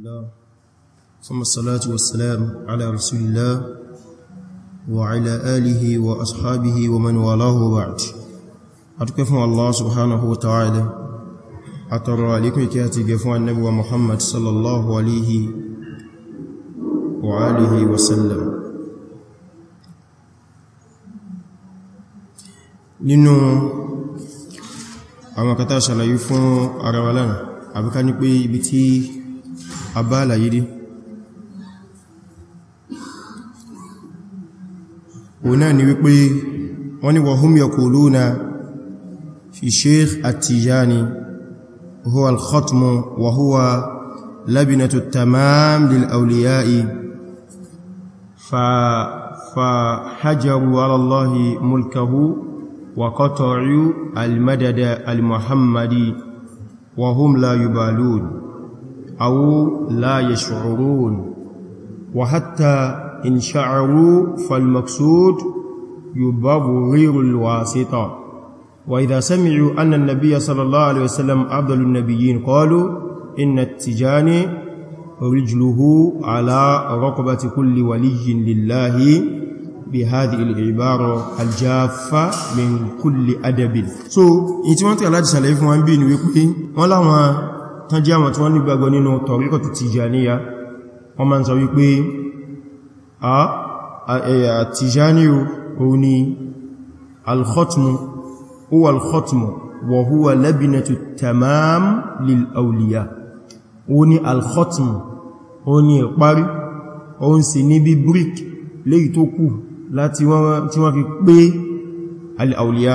الله ثم الصلاة والسلام على رسول الله وعلى آله وأصحابه ومن والاه بعد أتكفوا الله سبحانه وتعالى أترى عليكم كاتي قفوا النبي محمد صلى الله عليه وآله وسلم nínú àwọn kàtà ṣàlàyé fún ara wa lánàá àbíká ní pé ibi tí abala yidi ọ̀nà ni wípé wọ́n ni wahum yaquluna fi sheikh at-tijani huwa al-khatmu wa huwa labinatu tamam lil awliya'i fa fa hajaru ala allahi mulkahu wa qata'u al-madada al-muhammadi wa hum la yubalun أو لا يشعرون وحتى إن شعروا فالمقصود يبغير الواسطة وإذا سمعوا أن النبي صلى الله عليه وسلم أفضل النبيين قالوا إن التجاني رجله على رقبة كل ولي لله بهذه العبارة الجافة من كل أدب so in ti wọ́n tí aláàdì sàlẹ̀ fún wọn bí ní wípé wọ́n láwọn tán jẹ́ àwọn tí wọ́n nígbàgbọ́ nínú tọ̀ríkọ̀ tó Tìjàníyà wọ́n máa ń sọ wípé a e, Tìjàní òun ni al-khotmu huwa al-khotmu wa huwa labinatu tamam lil awliya òun ni al-khotmu òun ni ìparí òun sì ní bí brick léyìí tó kù láti wọ́n fi pé al-awliya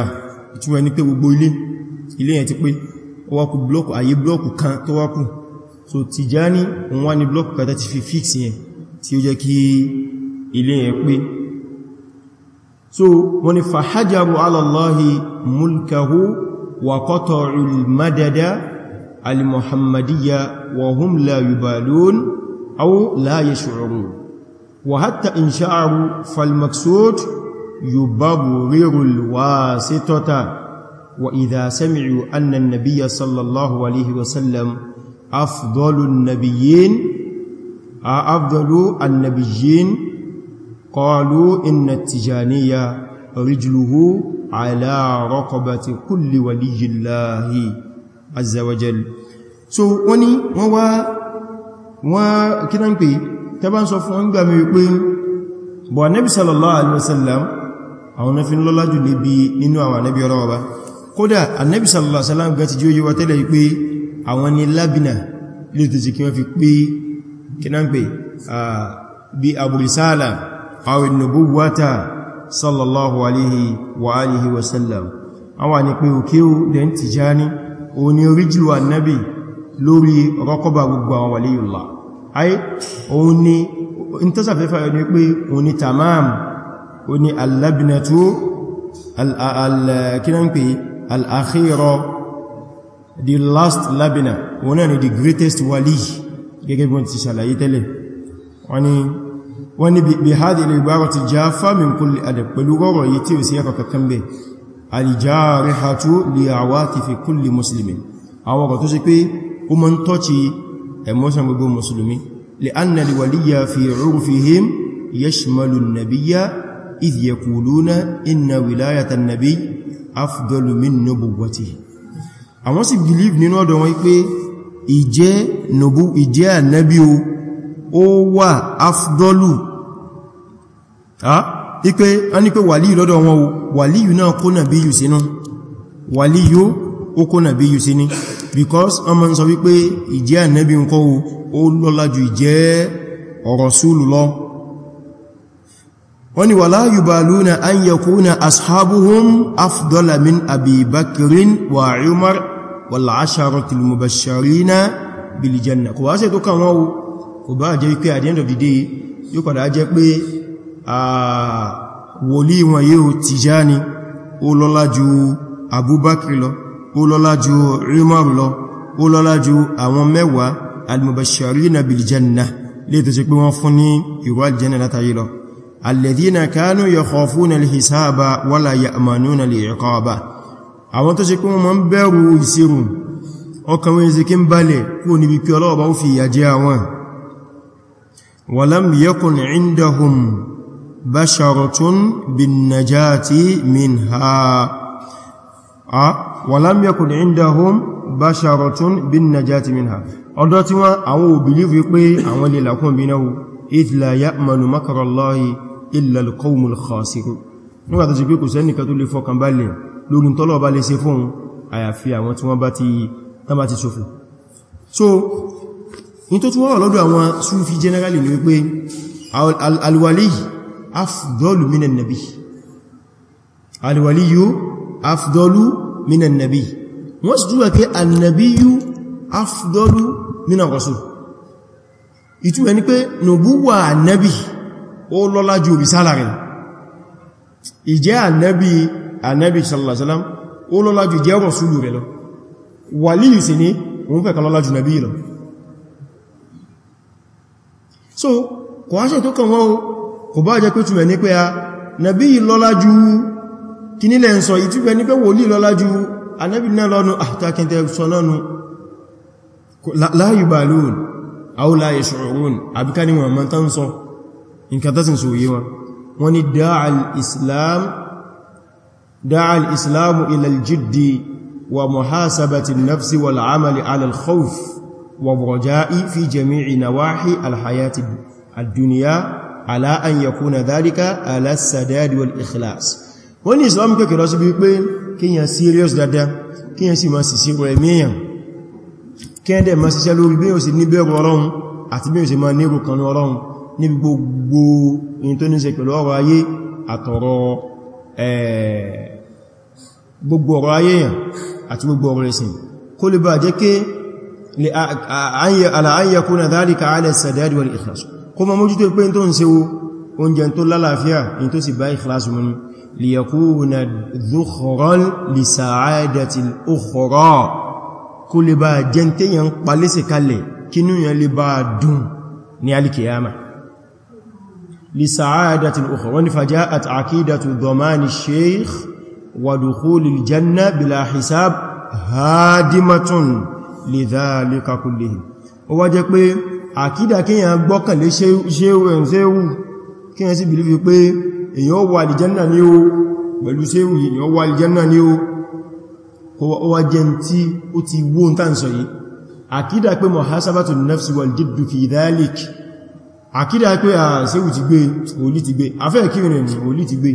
ìtúwẹ́ ní pé gbogbo ilé ilé yẹn ti pé wákù blọ́kù ayé blọ́kù kan tó wákù so Tijani òun wá ní blọ́kù kàtà ti fi fix yẹn tí ó jẹ́ kí ilé yẹn pé so wọ́n ni fahajabu ala Allahi mulkahu wa qata'u al-madada wa hum la yubalun aw la yash'urun wa hatta in sha'aru fal maqsud yubabbiru al وَإِذَا سَمِعُوا أَنَّ النَّبِيَّ صَلَّى اللَّهُ عليه وسلم أفضل النبيين أفضل النبيين قالوا إن التجانية رجله على رقبة كل ولي الله عز وجل so wọ́n ni wọ́n wá wọ́n kíná ń pè tẹ́bá ń sọ fún ọgbà mi wípé bọ̀ nẹ́bí sallallahu alaihi wasallam àwọn náà fi ń lọ́lájú lè bí nínú àwọn nẹ́bí ọlọ́wọ́ kódà annabi sallallahu alaihi wasallam gati jí ó yíwa tẹ́lẹ̀ pé àwọn ni labina ló tẹ́sí kí wọ́n fi pé kínánpé bí aburisala àwọn nubuwata sallallahu alaihi wa alihi wasallam àwọn ni pé òkè ó dẹ̀ Tijani ó ní oríjìlú annabi lórí rọ́kọ́bà gbogbo àwọn waliyullah ay òun ni in tó al the last labina wọn ni the greatest wali gẹ́gẹ́ bí wọ́n ti ṣàlàyé tẹ́lẹ̀ wọ́n ni bí hádì ilẹ̀ ìgbára ti já fámin kulli adab pẹ̀lú rọrọ̀ yìí tí ó sí ẹkọ̀ kankan bẹ̀ al-jarihatu li awatifi kulli muslimin àwọn ọ̀rọ̀ tó ṣe pé ó mọ́ ń tọ́ci emotion gbogbo musulmi li anna waliya fi urfihim yashmalu nabiyya إذ يقولون إن ولاية النبي أفضل من نبوته àwọn sì believe nínú ọ̀dọ̀ wọn pé ìjẹ́ nùbú ìjẹ́ ànábí o ó wà afdọ́lù ipé a ní pé wàlíyù lọ́dọ̀ wọn o wàlíyù náà kó nàbí yù sínú wàlíyù ó kó nàbí yù síní because wọ́n ma ń sọ wípé ìjẹ́ ànábí ń kọ́ o ó lọ́lá ju ìjẹ́ rasulu lọ wọ́n ni wala yubaluna an yakuna ashabuhum afdala min abi bakrin wa umar wal asharatil mubashirina bil janna kò wá ṣe tó kàn wọ́n kò bá jẹ́ pé at the end of the day yóò padà jẹ́ pé wòlí wọn yóò Tijani ó lọ́lá ju abubakir lọ ó lọ́lá ju umar lọ ó lọ́lá ju àwọn mẹ́wàá al mubashirina bil janna lè tó ṣe pé wọ́n fún ní ìwà aljanna látayé lọ alladhina kanu yakhafuna alhisaba wala ya'manuna al'iqaba àwọn tó ṣe kun mo bẹ̀rù ìṣirò ọkàn wọn ṣe kin balẹ̀ kò ní bí pé Ọlọ́run bá fi yaje àwọn walam yakun indahum basharatun bin najati minha a walam yakun indahum tí wọ́n àwọn ò believe pé àwọn lè la kun binawo idh la ya'manu makra Allahi illa al-qawmul khasirun nígbàtí sí pé kò sẹ́nìkan tó lè fọkàn balẹ̀ lórí tọ́lọ̀ bá lè ṣe fún àyàfi àwọn tí wọ́n bá ti tán so in tó tún wọ́n lọ́dọ̀ àwọn Sufi generally ni wípé alwali afdọ́lù minan nabi alwaliyu afdọ́lù minan nabi wọ́n sì dúwà pé annabiyu ìtumẹ̀ ní pé nùbúwà ànábì ó lọ́lá ju òbísálà rẹ̀ ìjẹ́ ànábì ànábì sallallahu alaihi wasallam ó lọ́lá ju ìjẹ́ rọ̀súlù rẹ̀ lọ wàlíyù sí ní òun fẹ́ kan ju nàbí lọ so kò áṣẹ́ tó kàn wọ́n kò bá jẹ́ pé túnmẹ̀ ní pé a nàbí lọ́lá ju kínílẹ̀ ń sọ ìtumẹ̀ ní pé wòlíì lọ́lá ju ànábì náà lọ́nu àtàkìntẹ̀ sọ náà nù láyùbàlóòrùn àúlà ìṣòrún àbíká ní wọn mọ́ta ń sọ nǹkan tásìn so yíwa wọ́n ni dáàl islamu ilal jiddi wa muhasabati nafsi wal amali alal khawf wa raja'i fi jami'i nawahi alhayati ad-dunya ala an yakuna dhalika ala sadad wal ikhlas wọ́n ni islam kẹ́kẹ́ lọ sí bí serious dada kíyàn sì máa sì sí rẹ̀ mẹ́yàn kí ẹ́ndẹ̀ ma ṣiṣẹ́ lórí bí o sì ní bẹ̀rù ọlọ́run àti bí o sì ma nírò kanú ọlọ́run níbi gbogbo in tó ní ṣe pẹ̀lú ọrọ̀ ayé àtọ̀rọ̀ gbogbo ọrọ̀ ayé yàn àti gbogbo ọrọ̀ ẹ̀sìn kó lè bá jẹ́ kí aláyẹkúnà dhalika ala kó lè bá jẹntẹ́yàn palẹ́sẹ̀ kalẹ̀ kínú yẹn lè bá dùn ní alìkìyàmà lè sàáàdàtì òkò wọ́n ni fàjá àti àkídàtù dọ̀mánì sheikh wàdùkúlì janna bila hisab hadimatun lè dhalika kullihi ó wá jẹ́ pé àkídà kíyàn gbọ́kànlé ṣéwù kíyàn sí bìlífì ọwá jẹ́ tí ó ti wó ń tàn sọ yìí àkídà pé muhasabatu nafsi wal jiddu fi dhalik àkídà pé a ṣéwù ti gbé olí ti gbé afẹ́ kírinà ní olí ti gbé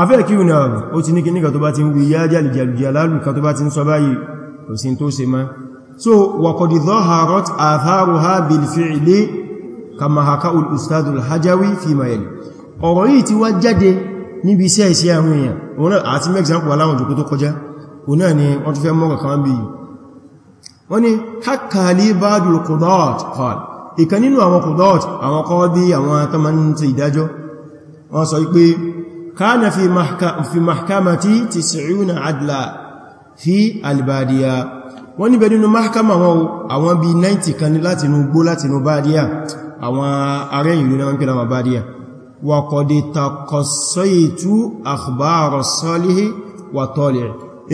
afẹ́ kírinà ó ti ní kí nígbà tó bá ti ń wí yájá lìjàlùjàlálù kan tó bá ti ń sọ so waqad dhaharat atharuha bil fi'li kama haka ul ustad al hajawi fi ma yali ọ̀rọ̀ yìí ti wá ọ̀nà ni wọ́n tún fẹ́ mọ́ kankan bí wọ́n ni hakali badul qudat qal ìkan nínú àwọn qudat àwọn qadi àwọn tamanti ìdájọ́ wọ́n sọ pé kana fi mahka fi mahkamati 90 adla fi albadiya wọ́n ní bẹ̀rẹ̀ nínú mahkama wọn àwọn bí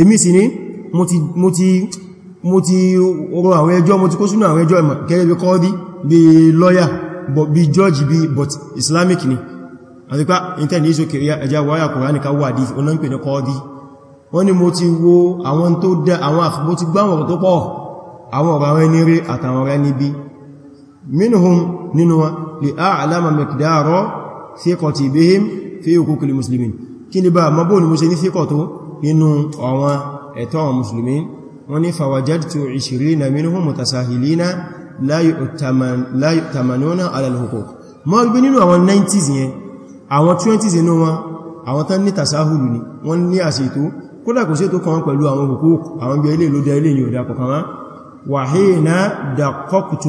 èmi sì ní mo ti rọ àwọn ẹjọ́ mo ti kó sínú àwọn ẹjọ́ ìmọ̀ gẹ́gẹ́ bí kọ́ọ́dí bí lọ́yà bí jọ́jì bí but islamic ni àtipá internet iso kìrìyà ẹjá wáyà kòránì ká wà dí onáńpè ní kọ́ọ́dí wọ́n ni mo ti wo àwọn tó dá àwọn àfibó ti gbá ọ̀rọ̀ tó pọ̀ àwọn ọ̀rọ̀ àwọn ẹni rí àtàwọn li muslimin kí ni bá ni mo ṣe nínú àwọn ẹ̀tọ́ àwọn musulmi wọ́n ní fawajadtu 20 minhum mutasahilina la yu'tamanuna ala al-huquq mọ́ gbé nínú àwọn 90s yẹn àwọn 20s inú wọn àwọn tán ní tasahulu ni wọ́n ní àṣètò kódà kò sí tó kan pẹ̀lú àwọn huquq àwọn bí ilé ló dá ilé yóò dá kọ̀kan wá wa hina daqqaqtu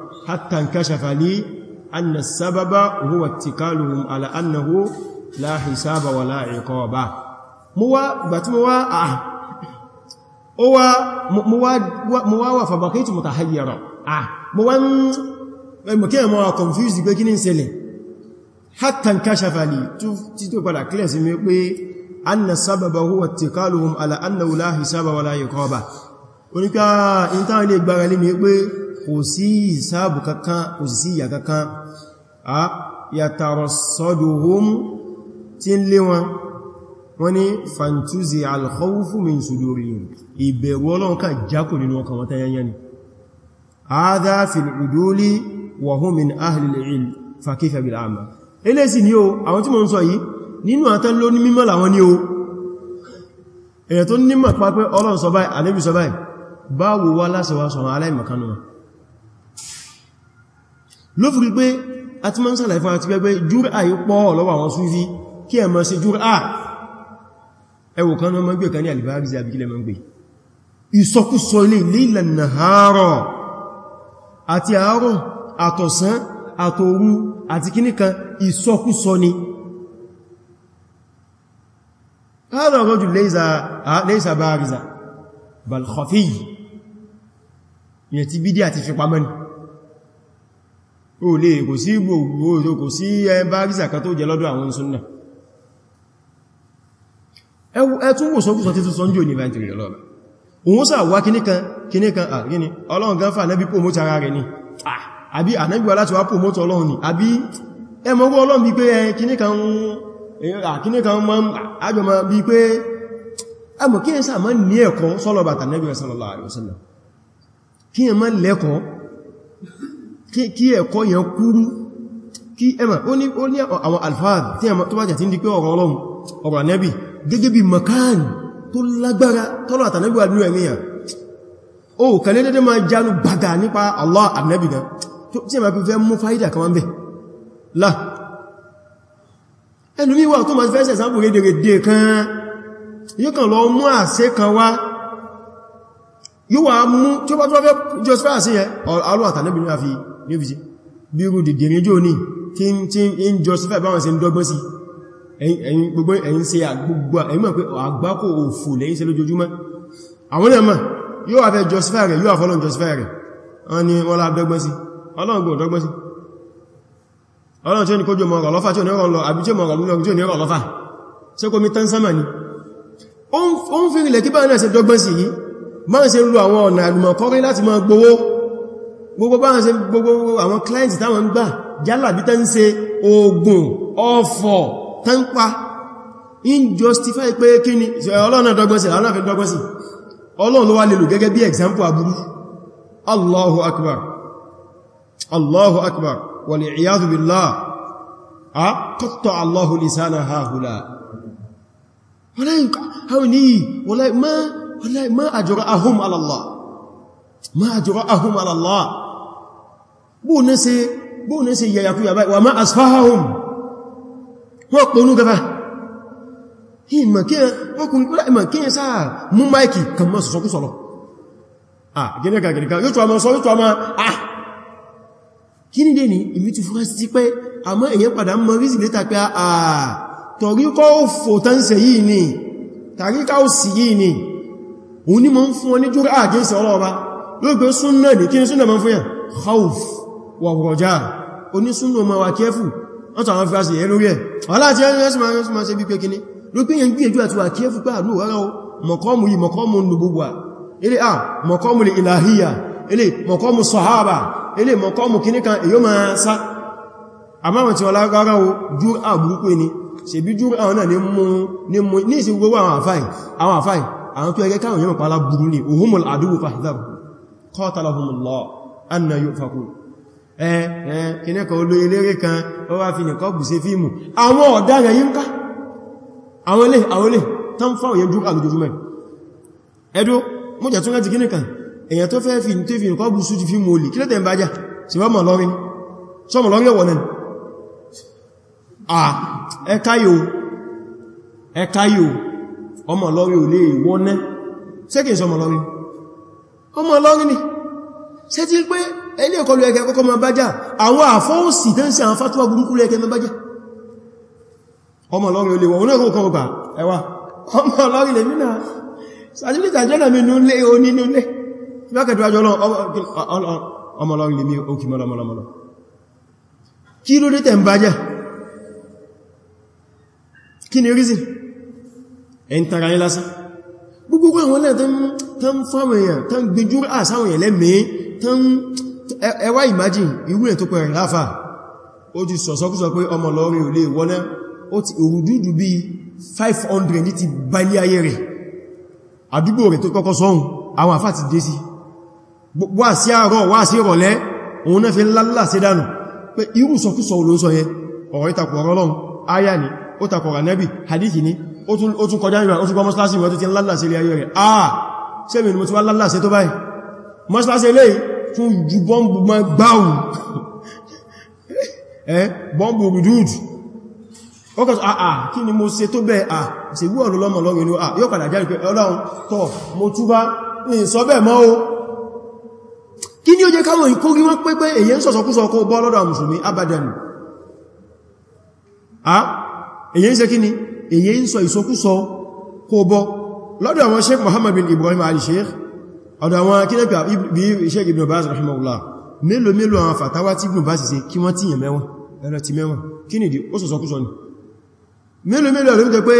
حتى انكشف لي أن السبب هو اتكالهم على أنه لا حساب ولا عقاب مو بات مو آه هو مو مو فبقيت متحيرا آه مو mọ̀kí ẹ̀mọ́ confused pé kí ní ṣẹlẹ̀ hatan kashafali tí tó padà kílẹ̀ sí mé pé anna sábàbà huwa tikaluhum ala anna wula hisaba wala yuqaba oníká ìntàn ilé gbára lé mé pé kò sí ìsáàbù kankan kò sí ìyà kankan a yàtàrọ̀ sọ́dọ̀hún tí ń lé wọn wọ́n ni fàntúzi alkhawfu min sudurihim ìbẹ̀rù Ọlọ́run ká jákò nínú ọkàn wọn tayanya ni hadha fil uduli wa hum min ahli al-ilm fa kayfa bil a'ma elesi ni o àwọn tí mo ń sọ yìí wá lásìwá sọ̀rọ̀ wọn ló fi pé a ti máa ń sàlàyé fún àti pẹ́pẹ́ jùrà yí pọ́ lọ́wọ́ àwọn súnfí kí ẹ máa ṣe jùrà ẹwò kan náà máa gbé kan ní alìbáàrísí àbíkílẹ̀ máa gbé ìsọkúsọ ilé lílẹ̀ nàárọ̀ àti àárọ̀ àtọ̀sán àtòru àti kíníkan ìsọkúsọ ni هذا الرجل ليس ليس بارزا بل خفي يتبدي àti fipamọ́ ni o lè kò sí gbogbo òjò kò sí ẹbá rísà kan tó jẹ lọ́dọ̀ àwọn súnnà ẹtún wò sọ́kùsọ títún sọ ń jò ní ìbájìrì ọlọ́ọ̀bá òun sà wá kíníkan kíníkan àríní ọlọ́run gan fà nẹ́bí pòmótì ara rẹ̀ ni àbí ànẹ́bí wà láti wá pòmótì ọlọ́run ni àbí ẹmọ́gbọ́ ọlọ́run bí pé kíníkan àjọmọ́ bí pé ẹmọ̀ kí ẹsà mọ́ ní ẹ̀kọ́ sọ́lọ́bàtà nẹ́bí sallallahu alaihi kí ẹ̀kọ́ yẹn kúrú kí ẹmà ó ní àwọn alfáàd tí ẹmà tó bá jẹ́ tí ń di pé ọ̀rọ̀ ọlọ́run ọ̀rọ̀ ànẹ́bì gẹ́gẹ́ bí makan tó lágbára tọ́lọ̀ àtànẹ́bì wà nínú ẹ̀míyàn ó kàn ní dédé máa jánu bàgà nípa Allah ànẹ́bì gan tí ẹmà fi fẹ́ mú fáídà kan wọ́n bẹ̀ lá ẹlùmí wà tó máa fẹ́ sẹ̀ sáàbù rédèrèdè tí ó bá tó fẹ́ jọ sí àṣẹ yẹn alọ́ àtànẹ́bì ní òfìsí bí irú dìdìrí jò ní tí ń jọ sífẹ́ báwọn ṣe ń dọ́gbọ́n sí ẹ̀yin gbogbo ẹ̀yin ṣe àgbogbo ẹ̀yin mọ̀ pé àgbákò òfò lẹ́yìn ṣe lójoojúmọ́ àwọn náà mọ̀ yóò afẹ́ justify rẹ̀ yóò àfọ́lọ́n justify rẹ̀ wọ́n ni wọ́n lábẹ́gbọ́n sí ọlọ́run gbọ́n dọ́gbọ́n sí ọlọ́run tí ó ní kójò mọ̀rọ̀ lọ́fà tí ó gbogbo bá ń ṣe gbogbo àwọn clients táwọn ń gbà jálàbí tán ń ṣe oògùn ọ̀fọ̀ tán pa injustify pé kí ni ọlọ́nà dọ́gbọ́sì àwọn náà fi dọ́gbọ́sì ọlọ́run ló wá lè lò gẹ́gẹ́ bí example aburú allahu akbar allahu akbar wal iyadhu billah a qatta allahu lisana haula wọ́n láì ma àjọrọ̀ ahum ala ma jura'ahum ala Allah bó ní ṣe bó ní ṣe yẹ̀yàkú yàbá wà má asfáhahum wọ́n pọ̀nú gaba ìmọ̀ kí sáà mú máìkì kan mọ́ sọ̀sọ̀kú sọ̀rọ̀ à gẹ́gẹ́gà gẹ́gẹ́gà yóò tó a mọ́ sọ yóò tó a mọ́ à kí ní dé ní ìmí ti fúra sí pé àmọ́ èyàn padà mọ́ rí yìí ni tàríkà òsì yìí ni òun ni mọ́ ń fún ọ ní jùrà àgẹ́sẹ̀ ọlọ́ọba yóò gbé súnnà ní kí ní súnnà ma ń fún yàn khawf wà rọjá oní súnnà ma wà kẹfù wọ́n tàwọn fi àṣì ẹlórí ẹ̀ aláti ẹlẹ́sìmọ̀ ṣe bí pé kíní ló pín yẹn gbíyànjú àti wà kẹfù pé àlú rárá o mọ̀kọ́mù yìí mọ̀kọ́mù nubuwa ilé à mọ̀kọ́mù ìlàhíyà ilé mọ̀kọ́mù sọ̀hábà ilé mọ̀kọ́mù kíní kan èyó ma sá àmáwọn tí wọ́n lágbára ni ṣe bí júr àwọn náà ní mú ní ìsìn gbogbo àwọn àfáì àwọn àfáì àwọn tó ẹgẹ́ káwọn yẹmọ̀ pàlá burú ni òhun mọ̀lá àdúgbò fàhìdábù qatalahumullah anna yufakun eh eh kíni kan olóyè lérè kan ó wá fi nìkan bù ṣe fíìmù àwọn ọ̀daràn yìí ń ká àwọn ilé àwọn ilé tán fáwọn yẹn dúkà lójoojúmọ́ ẹ̀dọ́ mo jẹ́ tún láti kíni kan èyàn tó fẹ́ fi tó fi nìkan bù sú ti fíìmù olè kí lẹ́tẹ̀ ń bá jà ọmọ ọlọ́rin ni ṣe tí pé ẹni ọkọlù ẹgbẹ́ kọ́kọ́ ma bájá àwọn àfọ́ọ̀sì tẹ́ ń ṣe àwọn fátúwà burúkú lẹ́ẹ̀kẹ́ ma bájá ọmọ ọlọ́rin olè wọn náà kọ́ ọgbà ẹwà ọmọ ọlọ́rin lè mínà sàtílítà jẹ́nà mi nílé oní nílé lákẹ̀dùwájọ́ ọmọ ọlọ́rin lè mí òkì mọ́lọmọlọmọlọ kí ló dé tẹ̀ ń bájá kí ni reason ẹ̀ ń tara yín lásán gbogbo àwọn náà tán fáwọn èèyàn tán gbẹjú àsáwọn èèyàn lẹ́mìí tán ẹwà imagine irú ẹ̀ tó pẹ̀rẹ̀ ráfà ó ti sọ̀sọ́kúsọ pé ọmọ lọ́rin ò lè wọ́ná ó ti òrùdúdú bí 500 ní ti balí ayé rẹ̀ àdúgbò rẹ̀ tó kọ́kọ́ sọ́hun àwọn àfà ti dé sí wà sí àárọ̀ wà sí ìrọ̀lẹ́ òun náà fi lálà sí dànù pé irú sọ̀kúsọ olóòsọ yẹn ọ̀rọ̀ ìtakọ̀ ọ̀rọ̀ lọ́hun áyà ni ó takọ̀ rànẹ́bì hadithi ni ó tún kọjá ìrìn ó tún kọ mọ́sílásí ìwọ̀n tó ti lálàsí ilé ayé rẹ̀ àà ah! sẹ́mì ni mo ti wá lálàsí tó báyìí mọ́sílásí ilé tún ju bọ́m̀bù gbáwù ẹ́ eh? bọ́m̀bù rùdúdù ó kà àà ah, ah, kí ni mo ṣe tó bẹ́ẹ̀ à ṣe wú ọ̀rọ̀ lọ́mọ lọ́rọ̀ inú à yóò padà jáde pé ọlọ́run tọ́ mo túbá ní sọ bẹ́ẹ̀ mọ́ o kí ni ó jẹ́ káwọn ìkórí wọ́n pé pé èyẹ ń sọ̀sọ̀kúsọ̀ ọkọ̀ bọ́ lọ́dọ̀ àmùsùnmí abadan èyẹ ń ṣe kí ni èyí ń sọ ìsọkúsọ kó bọ́ lọ́dọ̀ àwọn sheikh Muhammad bin Ibrahim Ali sheikh ọ̀dọ̀ àwọn kílẹ̀pẹ̀ bí sheikh Ibn Baz rahimahullah mélòó mélòó àwọn fàtàwà tí Ibn Baz ṣe kí wọ́n tíyàn mẹ́wọ̀n ẹ̀rọ ti mẹ́wọ̀n kí nìdí ó sọ sọkúsọ ni mélòó mélòó ló ń jẹ pé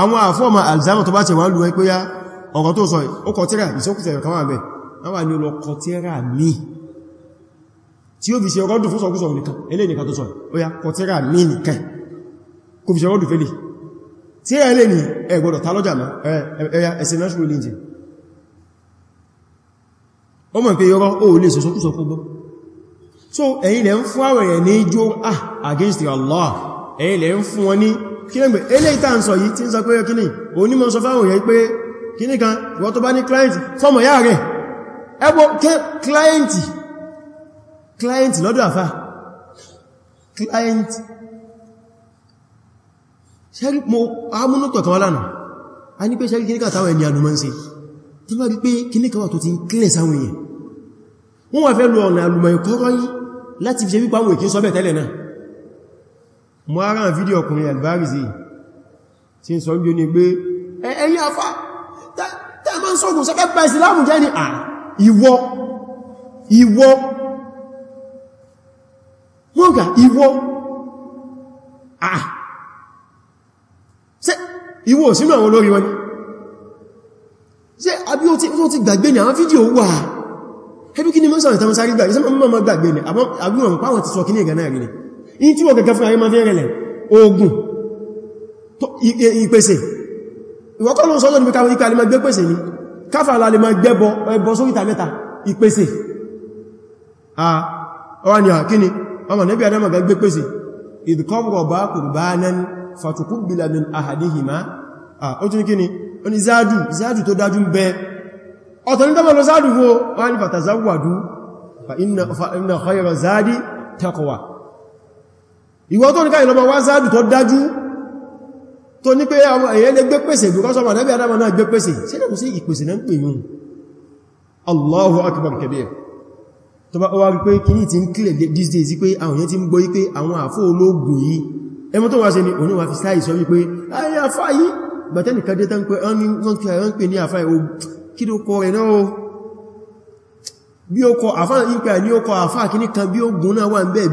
àwọn àfọ́ọ̀mà alzheimer tó bá ti wà ń lu ẹ pé yá ọ̀kan tó sọ ó kọ tíra ìsọkúsọ ẹ̀kan kò fi ṣe ọgọ́dù fẹ́lẹ̀ tí ẹ lè ní ẹgbọ́dọ̀ ta lọ́jà mọ́ ẹ̀yà ẹ̀sìn national religion ó mọ̀ pé yọ́rọ̀ o lè sọ sókúsọ so lẹ ń fún ní ah against Allah lẹ ń fún wọn ní sẹ́rí mo amúnútọ̀ kan lánàá a ní pé sẹ́rí kíníkà táwọn ẹni alùmọ́ sí tí wọ́n rí pé kíníkà wà tó ti ń kílẹ̀ sáwọn èèyàn wọ́n wà fẹ́ lọ ọ̀nà alùmọ̀ ìkọ́rọ̀ yí láti fi ṣe wípa àwọn èkín sọ́bẹ̀ tẹ́lẹ̀ náà mo ara ń fídíò ọkùnrin albarizi tí ń sọ bí o ní pé ẹ̀yìn afá tẹ́ ma ń sọ́gùn sọ́bẹ̀ pa ìsìlámù jẹ́ ni à ìwọ ìwọ mọ́gà ìwọ à ìwọ sínú àwọn olórí wọn ṣe àbí ó ti gbàgbé ní àwọn fídíò wà ẹbí kí ni mọ́sàn ìtàwọn sáré gbàgbé sí mọ́ gbàgbé ní àgbìmọ̀ pàwọn ti sọ kí ní ẹ̀gà náà rí ní in tí wọ́n gẹ̀gẹ̀ fún ayé máa fi rẹ̀lẹ̀ ogun ìpèsè ìwọ́kọ́lọ́ sọ́lọ́ ní káwọn ikẹ́ alẹ́ máa gbé pèsè ní káfà alẹ́ máa gbẹ́bọ ẹbọ sóríta mẹ́ta ìpèsè ọwà ni àkíní ọmọ nẹ́bí adama gbẹ́gbẹ́ pèsè ìdíkọ́ ó tún kí ni ó ní záàdù záàdù tó dájú ń bẹ ọ̀tọ̀ ní tọ́mọ̀ lọ záàdù fó wọ́n ní fàtàzáwàdú fa inna khayra záàdì taqwa ìwọ tó ní káyìn lọ bá wá záàdù tó dájú tó ní pé èyàn lè gbé pèsè bukásọ́mà nẹ́bí adama Allahu akbar kabir tó bá wá wípé kìí ti ń kílẹ̀ these days wípé àwọn èyàn ti ń gbọ́ wípé àwọn àfó ológun yìí ẹmọ́ tó bàtẹ́nì kàdé tán pé wọ́n kí àwọn pè ní àfá ìwò oh, kí ló kọ rẹ̀ náà bí ó kọ àfá ìpẹ̀ ní ó kọ àfá kìíní kan bí ó gùn náà wà ń bẹ̀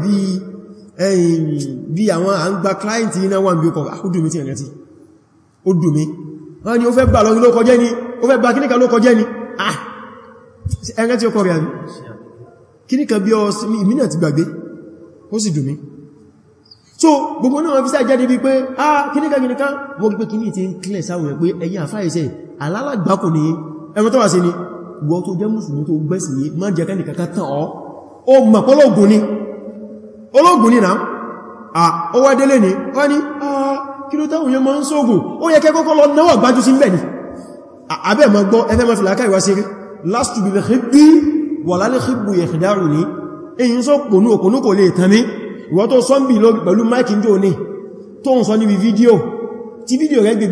bí àwọn à ń gba kíláìntì náà wà ń bí ó kọ àkúdùmí ah, tí ẹ̀rẹ́tì ó dùmí wọ́n ni ó fẹ́ bà lọ́rin ló kọjẹ́ ni ó fẹ́ bà kíníkà ló kọjẹ́ ni ah ẹ̀rẹ́tì ó kọ rẹ̀ àbí kíníkà bí ọ ìmínà ti gbàgbé dùmí so gbogbo náà fi sáàjẹ́ débi pé ah kíníkà kíníkà wọ́n gbé kíní ti ń kílẹ̀ sáwọn pé ẹ̀yin àfáìsẹ̀ alálàgbákò ní ẹmọ tó wà sí ni wọ́n tó jẹ́ mùsùlùmí tó gbẹ́sì yí má jẹ́ kẹ́nì kankan tán ọ́ o mọ̀ pé ológun ni ológun ah ó wá ni ó ah kí ló táwọn yẹn máa ń sóògùn ó yẹ kẹ́ kọ́kọ́ lọ náwọ̀ gbájú sí mbẹ̀ ni abẹ́ mọ́ last to be the hibbi wà lálẹ́ hibbu yẹ̀ kìdárù ní èyí ń sọ pònú ìwọ́n tó sọ́nbì pẹ̀lú mike njó ní tó ń sọ níbi fídíò tí fídíò rẹ̀ gbé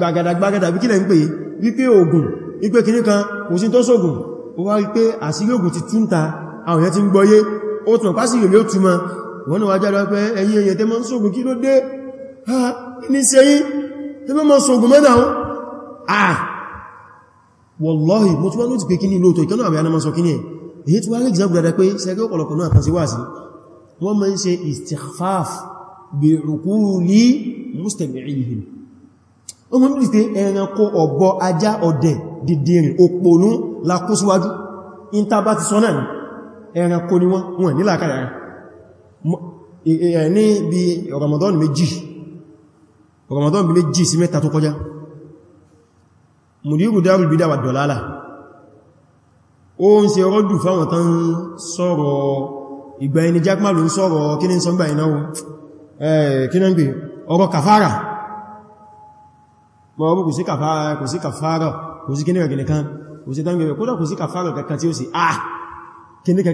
gbàgàdàgbàgàdà eh, bí kílẹ̀ ń pè wípé ogun wípé kìní kan kò sí tó sógun ó wá wípé àsírí ogun ti túnta àwọn èèyàn ti ń gbọ́yé ó tún pàsí rẹ̀ ó túnmọ́ wọ́n wá jára pé ẹ̀yin èèyàn tẹ́ mọ́ ń sógun kí ló dé ha ní sí ẹ̀yin tẹ́ mọ́ sógun mẹ́ta wọn ah wallahi mo tún wá ló ti pé kíní lóòtọ́ ìkẹ́nà àbẹ̀ anamọ́sọ kíní ẹ̀ èyí tí wá rí ìjìnà gbùdàdà pé sẹ́gẹ́ ọ̀pọ̀lọpọ̀ náà kan sí wáàsí wọ́n máa ń ṣe istighfaf bí uquli mustami'ihim o mọ́ bí pé ẹranko ọ̀bọ ajá ọ̀dẹ̀ dìdìrìn òpònú lakó síwájú in ta bá ti sọ náà ẹranko ni wọ́n wọ́n ní làkàrà ẹ̀ ní bí Ramadan méjì Ramadan bí méjì ìgbà ẹni Jack Ma ló ń sọ̀rọ̀ kí ní sọ́gbà ìnáwó kí ní ń pè ọ̀rọ̀ kàfàrà mọ̀ ọ̀rọ̀ kò sí kàfàrà kò sí kàfàrà kò sí kíníkà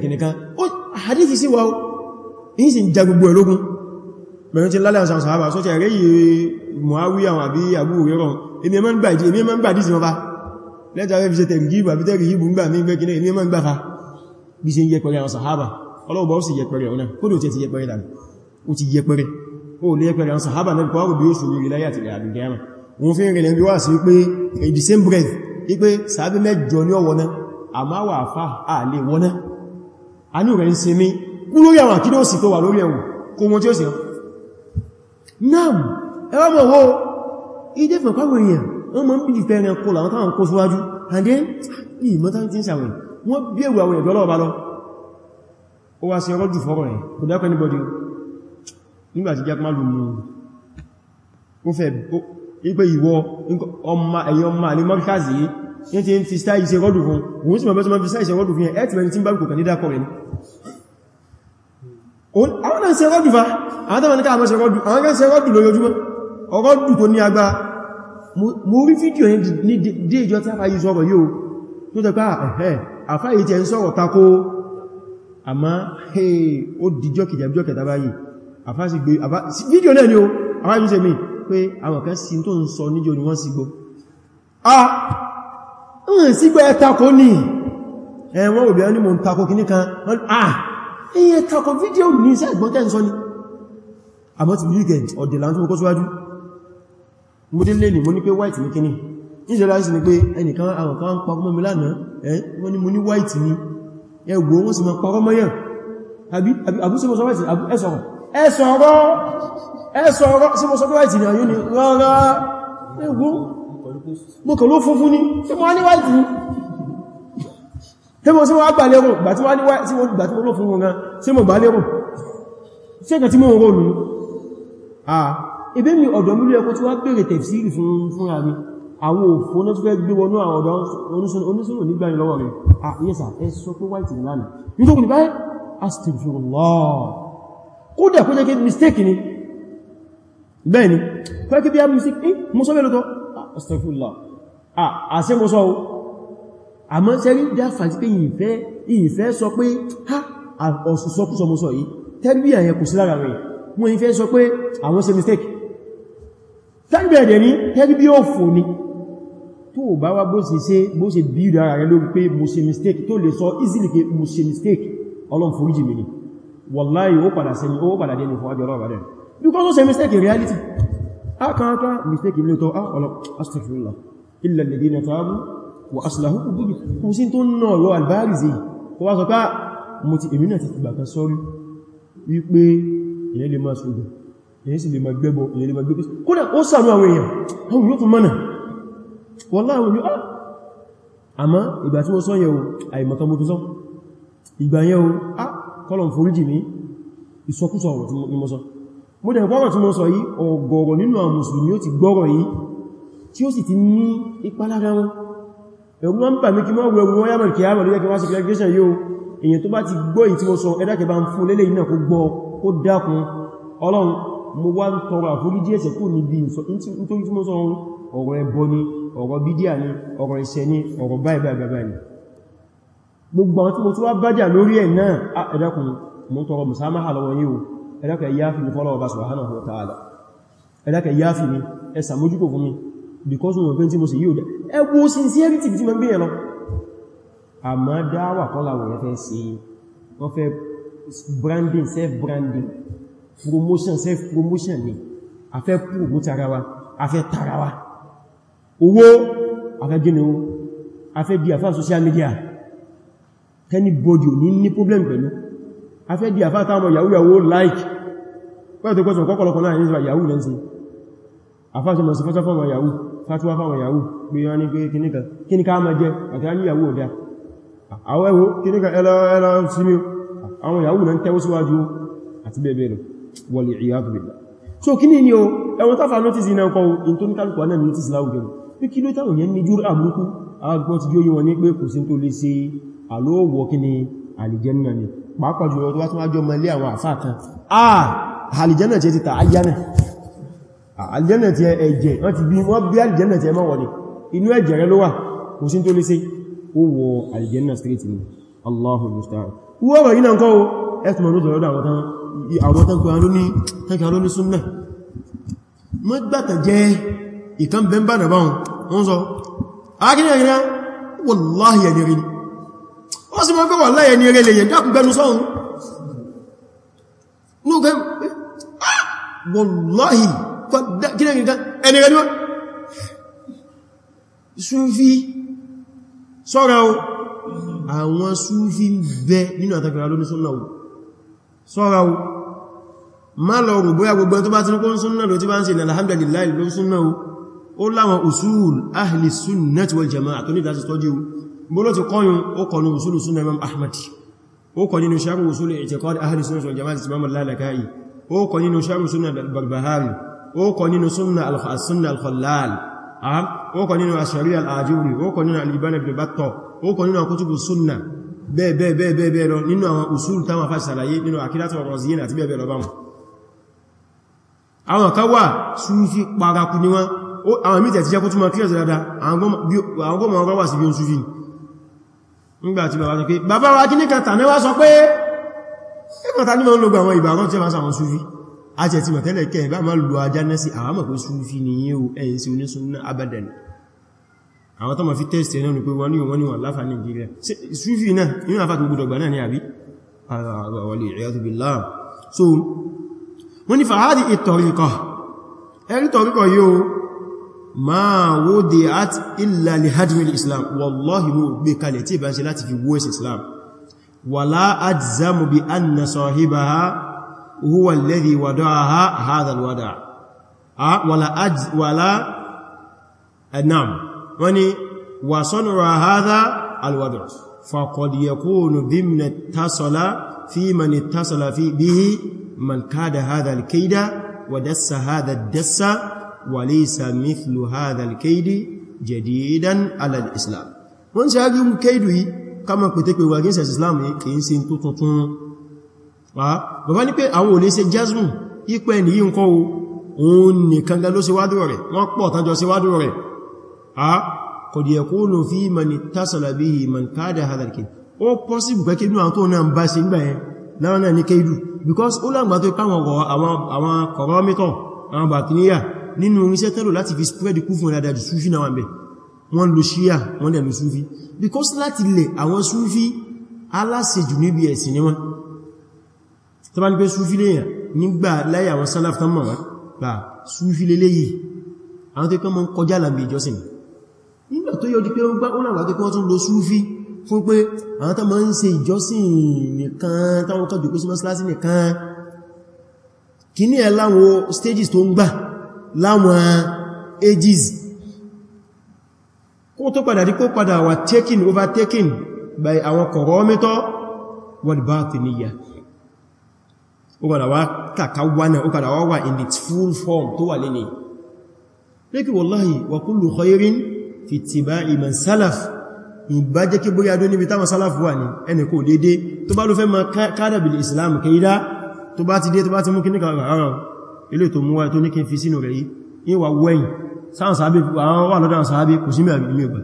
kìnìkan kò sí hadithi sí ah, wa yìí sì ń ja gbogbo ẹlógún mẹ́rin tí lálẹ́ àwọn sàhábà sọ́tẹ̀ rẹ̀ Abu Hurairah èmi ẹmọ́ ń gbà ìdí èmi ẹmọ́ ń gbà dìsí wọn fa lẹ́jà rẹ̀ fi ṣe tẹ̀rì yìí bù àbí tẹ̀rì yìí bù gbà mí gbẹ́kínẹ̀ èmi ẹmọ́ ń bí ṣe ń yẹ pẹ̀lú àwọn sàhábà ọlọ́wọ́ bá ó sì yẹpẹrẹ ọ̀nà kó ló ti yẹpẹrẹ dànù ó ti yẹpẹrẹ ó lè yẹpẹrẹ àwọn sàhábà náà pàwọ́ bí ó ṣe rí láyé àti àdùnkẹ́mà wọ́n fi ń rìnlẹ̀ bí wà sí pé in the same breath wípé sàábé mẹ́jọ ní ọwọ́ná àmáwà àfà àlè wọ́ná a ní rẹ̀ ń se mí kú lórí àwọn àkídó sì tó wà lórí ẹ̀wọ̀n kó wọn tí ó sì rán náà ẹwà mọ̀ wọ́ ìdẹ́ fẹ̀ pàwọ̀ èèyàn wọ́n mọ́ ń bí ìfẹ́ ẹran kó làwọn táwọn kó síwájú and then ah, ìmọ́ta ti ń sàwẹ̀ wọ́n bí ẹ̀wọ̀ àwọn ẹ̀dọ́lọ́ọ̀bá lọ ó wá sí ọrọ́jù fọ́rọ̀ ẹ̀ kò dákọ̀ anybody nígbàtí jákmá lù mú ó fẹ́ ipé ìwọ ẹ̀yọ ọmọ alẹ́ mọ́ríkàzì yí tí ń fi stáì ṣe rọ́dù fún òun sí mọ̀ bẹ́sọ́ mọ́ fi stáì ṣe rọ́dù fún ẹ̀ tí mẹ́rin tí ń bá kò kàn ní dákọ̀ rẹ̀ àwọn náà ṣe rọ́dù fa àwọn tàbí ká àmọ́ ṣe rọ́dù àwọn kan ṣe rọ́dù lórí ojúmọ́ ọrọ́dù tó ní agbá mo rí fídíò ní dé ìjọ tí a fàyí sọ̀rọ̀ yóò tó tẹ́ pé ah, àfáyí tẹ́ ń sọ̀rọ̀ tako àmá hey ó dìjọ́ kìjàbíjọ́ kẹta báyìí àfáàsì gbé fídíò náà ni ó àfáàsì ṣe mi pé àwọn kan sí tó ń sọ níjò ni wọ́n sì gbọ́ a ń sí gbọ́ ẹtakò ní ẹwọ́n òbí ẹni mọ̀ ń takò kìní kan ah ẹyẹ takò fídíò ní iṣẹ́ ìgbọ́n tẹ́ ń sọ ni àmọ́ ti weekend mo kọ́ síwájú white ní kíní níṣẹ́ láti ní pé ẹnìkan àwọn kan ń pa ọmọ mi lánàá ẹ́ mo ní white ní ẹgbò wọn sì mọ̀ parọ́ mọ́yàn àbúsọ́mọ́sọ́wọ́sì ẹ̀sọ̀rọ̀ ẹ̀sọ̀rọ̀ ẹ̀sọ̀rọ̀ símọ́sọ́wọ́sì ni àyún ni rárá ẹgbò mọ́kànló funfun ni tí wọ́n ní wáìtì ní tẹ́mọ̀ sí wọ́n gbà lérò gbà tí wọ́n ló fún wọn gan sí mọ̀ gbà lérò sí ẹ̀kà tí mọ̀ rọrùn ah ebe mi àwọn òfò ní tó fẹ́ gbé wọnú àwọn ọ̀dọ́ onísùnú nígbà ní lọ́wọ́ rẹ̀ àyẹ́sà ah, ẹ sọ pé white ní lánàá yíò tó kù ní báyìí astaghfirullah kódà kó jẹ́ kí mistake ni ni pẹ́ kí bí a mistake ní eh, mo sọ mẹ́lọ́tọ́ ah, astaghfirullah ah, àṣẹ mo sọ àmọ́ sẹ́rí ha ọ̀sùsọ́kúsọ mo sọ yìí tẹ́bí àyẹ kò sí lára rẹ̀ wọ́n ìfẹ́ sọ pé àwọn ṣe mistake tẹ́bí ẹ̀dẹ̀ ni tó bá wá bó ṣe ṣe bó ṣe bí ìdára rẹ lórí pé mo ṣe mistake tó lè sọ easily pé mo ṣe mistake ọlọ́run foríjì mi ni wallahi ó padà ṣe ni ó padà dé ní fún àjọ ọlọ́run rẹ̀ because ó ṣe mistake in reality a kan kan mistake ilé tó ọlọ́ astaghfirullah illa alladhina tabu wa aslahu ubudu kò sí tó nà ọ̀rọ̀ albarizi kó wá sọ pé mo ti èmi náà ti gbà kan sọ́rí wípé ìyẹn lè máa ṣogun ìyẹn sì lè máa gbẹ́bọ̀ ìyẹn lè máa gbẹ́bọ̀ kódà ó sàánú àwọn èèyàn àwọn yóò tún mọ́nà wallahi ní ah àmá ìgbà tí wọ́n sọ yẹ̀ o àìmọ̀kan mo fi sọ ìgbà yẹ̀ o ah kọlọ̀n foríjì ní ìsọkúsọ ọ̀rọ̀ tí mo sọ mo dẹ̀ pọ́rọ̀ tí mo sọ yìí ọ̀gọ̀rọ̀ nínú àwọn mùsùlùmí ó ti gbọ́rọ̀ yìí tí ó sì ti ní ipa lára wọn ẹ̀rù wọn bà mí kí wọ́n wẹ̀rù wọn yàmọ̀ kí á mọ̀ lóyẹ́ kí wá sí congregation yóò èyàn tó bá ti gbọ́ èyí tí mo sọ ẹ̀dákẹ́ bá ń fún lélẹ̀ iná kó gbọ́ ó dákun ọlọ́run mo wá ń tọrọ àforíjì ẹ̀ṣẹ̀ kò níbi nítorí tí mo sọ ọ̀rọ̀ ẹbọ ni ọ̀rọ̀ bídíà ni ọ̀rọ̀ ìṣẹ́ ni ọ̀rọ̀ báyìí báyìí báyìí gbogbo àwọn tí mo tún wá bájà lórí ẹ̀ náà ẹ dákun mo tọrọ musamaha lọ́wọ́ yín o ẹ mi fọ́lọ́wọ́ bá subhanahu wa ta'ala ẹ dákun mi because mo pín tí mo sì yíò ẹ wo sincerity tí mo ń bèèrè lọ àmá dáwà kọ́lá branding self branding promotion self promotion ni a fẹ́ promote ara tarawa owó afẹ́gíní o afẹ́ di àfá social media kẹni bọ́dì ní ní problem pẹ̀lú afẹ́ di àfá táwọn yahoo yahoo like pẹ́ẹ̀tọ́ pẹ́sùn kọ́kọ́lọpọ̀ náà nígbà yahoo lẹ́nsí àfá sọmọ̀ sí fátúwá fáwọn yahoo fátúwá fáwọn yahoo pé wọ́n ní pé kíní ká máa jẹ àti àní yahoo ọ̀dá àwọn ẹwọ́ kíní ká ẹlọ ẹlọ sí mi àwọn yahoo náà tẹ́wọ́ síwájú àti bẹ́ẹ̀ bẹ́ẹ̀ lọ wọlé ìyá tó bẹ̀rẹ̀ so kíní ni o ẹwọ́n táfà notice iná kọ́ in tó ní kálùkù náà notice láwùjọ pé kí ló táwọn yẹn ní jùrù àmúkú agbọ́n ti jóyí wọn ní pé kò sí tó lè ṣe àlóòwọ̀ kí ni àlìjẹ́nà ni pàápàá jùlọ tó wá tún wájọ́ mọ́lé àwọn àfáà kan àà àlìjẹ́nà ti ta ayyánà àlìjẹ́nà ti ẹ̀jẹ̀ wọ́n ti bí wọ́n bí àlìjẹ́nà ti ẹmọ́ wọ́n ni inú ẹ̀jẹ̀ rẹ ló wà kò sí tó lè ṣe ó wọ ìtàn bẹ́m̀bà nà báhùn wọ́n sọ akínrìnà ah, wọ́láhì ẹni rí ó sì mọ́ pé wọ́láhì ẹni rí lèyẹn dákùn gbẹnu sọ́hun eh, ah, wọ́láhì ẹni rí Súfí sọ́ra o àwọn Súfí ń bẹ nínú àtàkìrà lónìí súnnà o sọ́ra o má lọ rò bóyá gbogbo tó bá ti ní kó ń súnnà lò tí bá ń ṣe alhamdulillah ló súnnà o ó láwọn usul ahli sunnati wal jama'a tó ní ìdájí tọ́jú bóló ti kọ́yún ó kọ̀ ní usul sunna imam ahmad ó kọ̀ nínú sharh usul i'tiqad ahli sunnati wal jama'a ti imam al-lalaka'i ó kọ̀ nínú sharh sunna al-barbahari ó kọ̀ nínú sunna al-khallal ó kọ̀ nínú ashari al-ajuri ó kọ̀ nínú al-iban ibn battah ó kọ̀ nínú kutubu sunna bẹ́ẹ̀bẹ́ẹ̀bẹ́ẹ̀ lọ nínú àwọn usul táwọn afá ṣàlàyé nínú àkídátọ̀ kan wà súnfí paraku ni wọ́n àwọn mítẹ̀ ti jẹ́kú túnmọ̀ kíyàsí dada àwọn gọ́mọ̀ ọgọ́wà sí bí o súfin nígbàtí bàbá sọ pé bàbá wa kí ní kàtà náwà sọ pé ẹgbàtà ní wọ́n lọ́gbà àwọn ìbàrán tí a máa sàwọn súfin a jẹ́ ti mọ̀tẹ́lẹ̀ kẹ́ bá máa lò ajá náà sí àwọn mọ̀ pé súfin ni yíò ẹ̀yìn sí onísúnnà abadan àwọn tó ma fi tẹ́sì ẹ̀nà ní pé wọ́n ní wọ́n ní wọ́n láfà ní Nàìjíríà súfin náà inú àfà tó gbọdọ̀ gbà náà ní àbí àwọlẹ̀ ìrẹ́tù bí láà so wọ́n ni fàhádì ìtọ̀ríkọ̀ ẹ̀rí yóò ma wudi at illa li hadmi al-islam wallahi mo gbé kalẹ̀ tí bá ṣe láti fi wó ẹ̀sìn islam wala ajzamu bi anna sahibaha huwa alladhi wada'aha hadha al-wada' a wala ajz wala eh, anam wani wa sanra hadha al-wada' fa qad yakunu dhimna وليس مثل هذا الكيد جديدا على الإسلام wọ́n ṣe agí kẹ́ìdù yìí ká ma pètè pé wà gínsẹ̀ islam kìí ṣe tó tuntun wà bàbá ní pé àwọn olè ṣe jazmu ipẹ́ ní yí ń kọ́ òun nìkan gá ló ṣe wádùn rẹ̀ wọ́n pọ̀ tánjọ ṣe wádùn rẹ̀ a kò díẹ̀ kó lò fi man tasala bihi man káàdà hadalki ó pọ́síbù nínú oríṣẹ́ tẹ́lò láti fi spread kú fún ìrádàjì súfí náà mẹ́ wọ́n lo ṣíyà wọ́n dẹ̀ lo súfí because láti lẹ̀ àwọn súfí aláṣejù níbi ẹ̀sìn ni wọ́n tó bá ní pé súfí lèyàn nígbà láyé àwọn sálàf tán mọ̀ wọ́n bá súfí lélẹ́yìí àwọn tó kọ́ mọ́ kọjá làbí ìjọsìn nígbà tó yọ di pé ó gbá ó làwà tó kọ́ tún lo súfí fún pé àwọn tó mọ́ ń ṣe ìjọsìn nìkan táwọn kí ní ẹ̀ stages tó ń gbà láwọn ages kó tó padà dípò padà wà taken overtaken by àwọn kọ̀rọ̀mítọ́ wal batiniyya ó padà wá kàkà wánà ó padà wá in its full form tó wà lẹ́ni lẹ́kì wallahi wa kullu khairin fi ittiba'i man salaf ìbá jẹ́ kí bóyá dó níbi táwọn sálàfù wà ní ẹni kò dédé tó bá ló fẹ́ ma kádàbìlì islam kìí dá tó bá ti dé tó bá ti mú kí ní kàrà ilé tó múwá tó ní kí n fi sínú rẹ̀ yìí ìwà wẹ́yìn sáà sàábé àwọn wà lọ́dọ̀ sàábé kò sí mẹ́rin ní ọgbà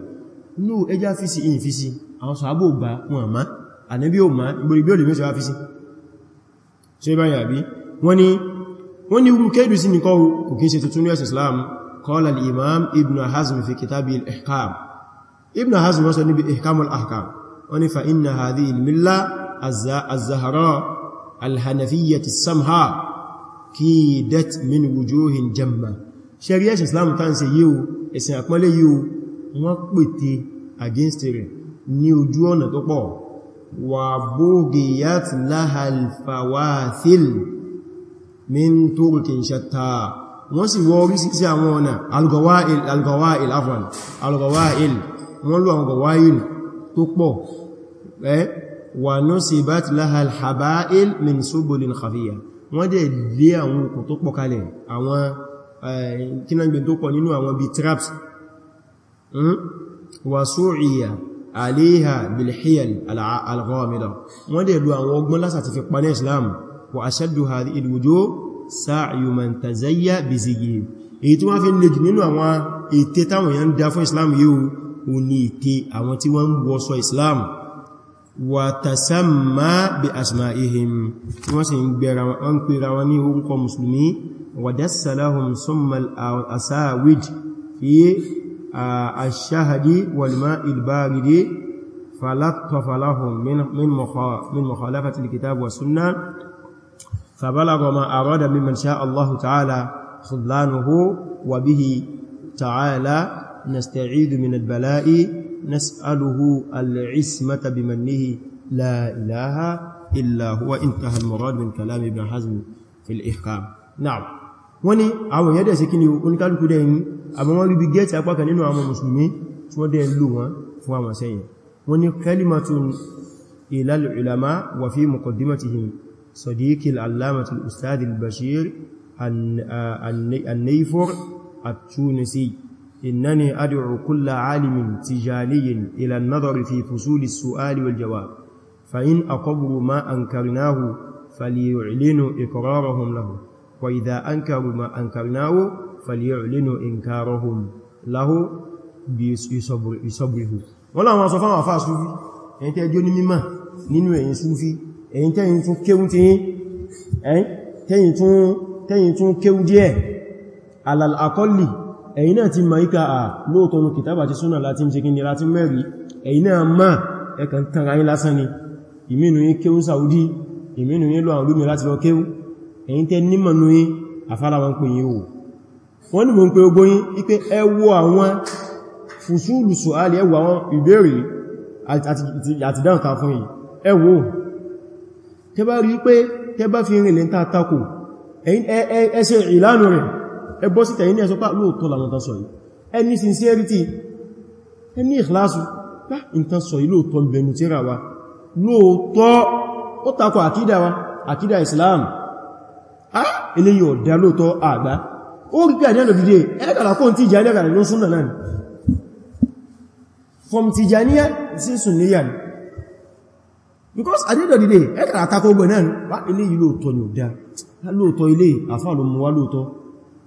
inú ẹjá fi sí ìyìn fi sí àwọn sàábò gbà wọn àmá ànẹ́bí ò má ìgbòrí bí ó lè mẹ́sẹ̀ wá fi sí ṣe bá yàbí wọ́n ni wọ́n ni irú kéèdù sí nìkọ́ kò kí ń ṣe tuntun qidat min wujuhin jamma ṣẹ́rí ẹ̀ṣẹ̀ islam tán ṣe yíò ẹ̀sìn àpọ́nlé yíò wọ́n pètè against rẹ̀ ní ojú ọ̀nà tó pọ̀ wà bugiyat lahal fawathil min turkin shatta wọ́n sì wọ́ orí sí àwọn ọ̀nà algawa'il algawa'il afwan algawa'il min subulin khafiyah wọ́n dẹ̀ lé àwọn okùn tó pọ̀ kalẹ̀ àwọn kínágbé tó pọ̀ nínú àwọn bí traps hmm? wà sóòrìyà àléhà bilhiyal alghamida wọ́n dẹ̀ lú àwọn ọgbọ́n lásà ti fi pa ní islam wà aṣẹ́dù ha ìlújó sáàyùmọ̀ntazayya bizigi èyí tí wọ́n fi lè jù nínú àwọn ète táwọn èèyàn dá fún islam wàtàsánmà bí asìmà ihìm tí wọ́n sì ń gbẹ̀rẹ̀ wọn pèrà wọn ní orúkọ musulmi wàdásàláhùn sọ́mọ̀l asáwìd fi aṣáhàdí wàlmá ìlbáridé falatọ̀faláhùn min nasta'idu min albala'i نسأله العصمة بمنه لا إله إلا هو انتهى المراد من كلام ابن حزم في الإحكام نعم wọ́n ni àwọn èèyàn dẹ̀ sí kí ni o ní kálùkù dẹ̀ yìí àmọ́ wọ́n rí bí gẹ́ẹ̀tì apákan nínú àwọn mùsùlùmí tí wọ́n dẹ̀ lò wọ́n fún àwọn sẹ́yìn wọ́n ni kalimatun ilal ulama wà fi muqaddimatihim صديق العلامة الأستاذ البشير النيفور التونسي إنني أدعو كل عالم تجاني إلى النظر في فصول السؤال والجواب فإن أقبروا ما أنكرناه فليعلنوا إقرارهم له وإذا أنكروا ما أنكرناه فليعلنوا إنكارهم له بيصبره wọ́n láwọn sọ fáwọn àfáà súfí ẹ̀yìn tẹ́ jóní mímọ̀ nínú ẹ̀yìn súfí ẹ̀yìn tẹ́yìn tún kéhùn tí ẹ̀yìn tẹ́yìn tún kéhùn díẹ̀ alàlàkọ́lì ẹ̀yin náà ti ma ika à lóòtọ́ ní kìtàbà ti súnà láti jẹ́ gini láti mẹ́rí ẹ̀yin náà ma ẹkàn tàrà yí lásán ni ìmínú yí kéwú Saudi ìmínú yí lọ àwọn olúmi láti lọ kéwú ẹ̀yin tẹ́ nímọ̀nú yí afárawọn pè yí wò wọ́n ni mo ń pe ogbó yí ipé ẹwọ àwọn fùsúlù sọ́álì ẹwọ àwọn ìbéèrè àti dáǹkà ìlànà rẹ̀ ẹ bọ́ síta yìí ní ẹ̀sọ́pá ah, lóòtọ́ làwọn tán ẹni sincerity ẹni ìkìláṣù pá nǹkan sọ yìí lóòtọ́ bẹnu tíra wa lóòtọ́ ó takọ àkídà wa àkídà Islam ah eléyìí ọ̀dá lóòtọ́ àgbá ó rí pé àdínà lòdìdè ẹlẹ́kàlá fún tíjà ẹlẹ́kàlá ló súnà náà from Tijaniya sí Sunniya because àdínà lòdìdè ẹlẹ́kàlá takọ ogun náà wá eléyìí lóòtọ́ ni ọ̀dá lóòtọ́ ilé àfáà ló mú wá lóòtọ́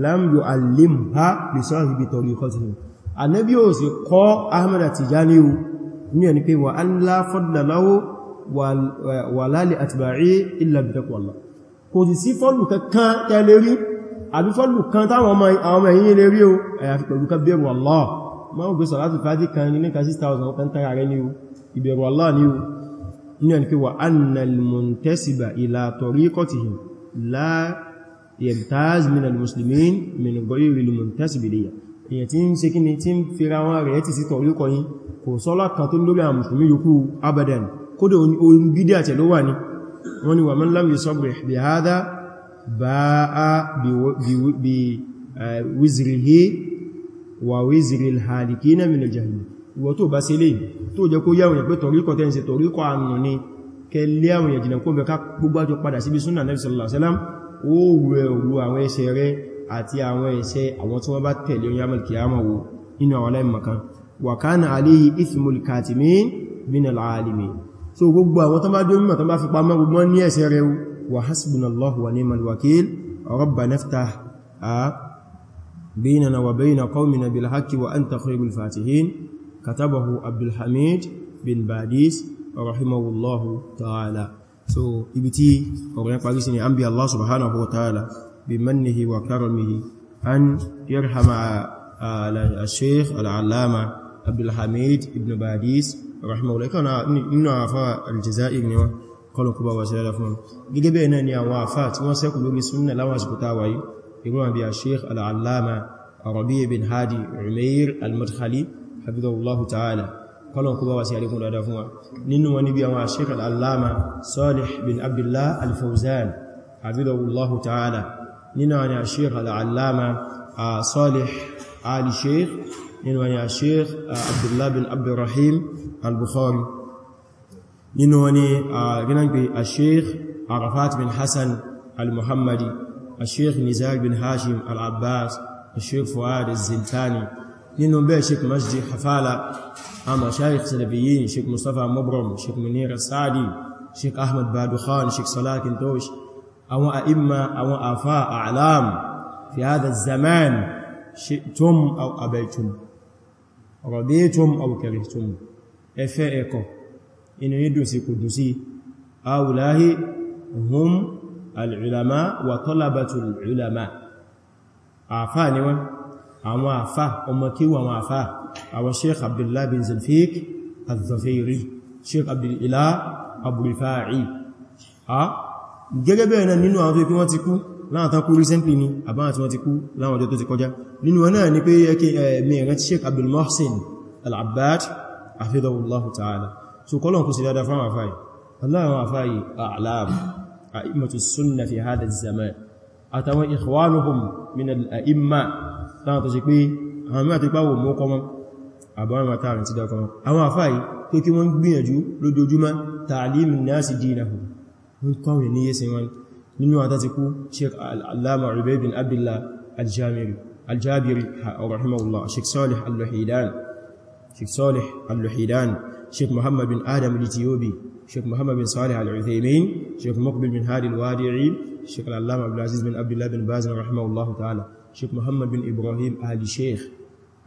lam yu'allimha li sahibi tariqatihi anabi ó sì kọ́ ahmad tijani o ní ẹni pé wa an la fadla lahu wa la li atba'i illa bi taqwallah kò sì sí fọ́lù kankan tẹ́lẹ̀ rí àbí fọ́lù kan táwọn ọmọ àwọn ẹ̀yìn lè rí o àyàfi pẹ̀lú ká bẹ̀rù Allah ma ń gbé sọ̀rọ̀ fàájì kan ní níka 6,000 yẹ̀mtaz min al-muslimin min gọ́yìrì lùmùntásìbìlìyà èyàn tí ń ṣe kí ni tí ń fira wọn rẹ̀ ti sí tọ̀ríkọ yìí kò sọ́lá kan tó lórí àwọn mùsùlùmí yòókù abadan kódò orin bídí àtẹ̀ ló wà ní wọ́n ni wa man lam yusabrih bi hadha ba'a bi wizrihi wa wizri al-halikina min al-jahannam ìwọ tó bá ṣe lè tó jẹ́ kó yáwọn ó wẹ̀ wo àwọn ẹ̀ṣẹ̀ rẹ àti àwọn ẹ̀ṣẹ̀ àwọn tí wọ́n bá tẹ̀lé oyin yawmal qiyamah wo inú àwọn aláìmọ̀kan wa kana alayhi ithmul katimin minal alimin so gbogbo àwọn tó bá dé mímọ̀ tó bá fi بيننا وبين قومنا بالحق وأنت خير الفاتحين كتبه عبد الحميد بن باديس رحمه الله تعالى so ibi tí ọ̀rọ̀ yẹn parí sí ni an bí Allah subhanahu wa ta'ala bi mannihi wa karamihi an yarhama al-sheikh al-allama abdulhamid ibn badis rahimahullah ikọ̀nà nínú àfá aljazair ni wọ́n kọlùkú bá wà sí lára fún gẹ́gẹ́ bẹ́ẹ̀ náà ni àwọn àfá tí wọ́n sẹ́kù lórí ta'ala kọlọ̀n kó bá wá sí àríkún dada fún wa nínú wọn níbi àwọn Sheikh al-Allama Salih bin Abdullah al-Fawzan abidawullahu ta'ala nínú wọn ni Sheikh al-Allama Salih Ali Sheikh nínú wọn ni Sheikh Abdullah bin Abdurrahim al nínú wọn ni rinagbe bin Hashim al-Abbas Sheikh Fuad al-Zintani nínú bẹ́ẹ̀ sheik masjid hafala a mashayikh salafiyin sheik mustapha mabram sheik munira sadi sheik ahmad badukhan sheik salakin tosh àwọn a'imma àwọn afa a'lam fi hada zaman shi'tum aw abaitum raditum aw karihtum ẹfẹ́ ẹ̀kọ́ inú yí dùn sí kò dùn sí awulahi hum al'ulama wa talabatul ulama afa ni wọn àwọn àfá ọmọ kíwà àwọn àfá àwọn sheikh abdullahi bin zulfiq al-zafiri sheikh abdullila aburifa'i a gẹ́gẹ́ bẹ̀rẹ̀ náà nínú àwọn tó pín wọ́n ti kú láwọn tán kú recently ni àbáwọn tí wọ́n ti kú láwọn ọjọ́ tó ti kọjá nínú wọn náà ni pé yẹ́kẹ́ mẹ́rin tí sheikh abdul muhsin al-abbad afidahullahu ta'ala so kọlọ̀n kú sí dáadáa fáwọn àfáyì aláwọn àfáyì a'lam a'immatu sunna fi hada zaman àtàwọn ikhwanuhum min al láwọn tó sì pé àwọn mẹ́ta pàwò mọ́ kọmọ àbáwọn mata rẹ̀ ti dákọmọ àwọn àfáì pé kí wọ́n gbìyànjú lójoojúmọ́ tààlímù náàsì dínàhù wọ́n kọ́wẹ̀ ní yẹ́sìn wọn nínú àtàtíkú sheik al'allama Ubayd bin Abdillah al-Jamiri aljabiri rahimahullah sheik salih al-luhidan sheik salih al-luhidan sheik muhammad bin adam al-ethiobi sheik muhammad bin salih al-uthaymin sheik muqbil bin hadi al-wadi'i sheik al'allama sheikh muhammad bin ibrahim ali sheikh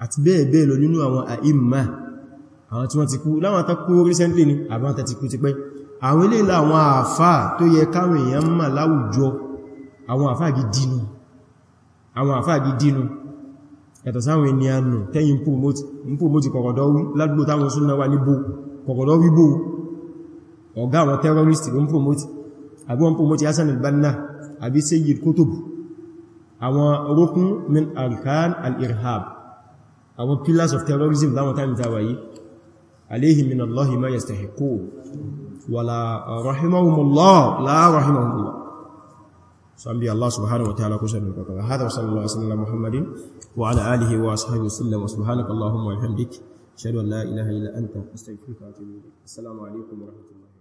àti bẹ́ẹ̀ bẹ́ẹ̀ lọ nínú àwọn àìmà àwọn tí wọ́n ti kú láwọn takú recently ni àbá ta ti kú ti pẹ́ àwọn ilé ìlà àwọn àfà tó yẹ káwọn èèyàn mà láwùjọ àwọn àfà gidinu àwọn àfà gidinu yàtọ̀ sáwọn ènìyàn nù tẹ́yìn promote kọ̀kọ̀dọ́wí ládùgbò táwọn súnnà wà níbo kọ̀kọ̀dọ́wí bó ọ̀gá àwọn terrorist ló ń promote àbí àwọn rukun min arkan al-irhab àwọn pillars of terrorism láwọn time ta wáyé aléhì min allahi ma yastahiqu wala rahimahumullah la rahimahumullah so an bí allah subhanahu wa ta'ala kó sọ́dún kọkọrọ hada wasallallahu alaihi wasallam muhammadin wa ala alihi wa ashabihi wasallam wa subhanaka allahumma wa hamdik shaidu an la ilaha illa anta astaghfiruka wa atubu ilayk assalamu alaikum wa rahmatullahi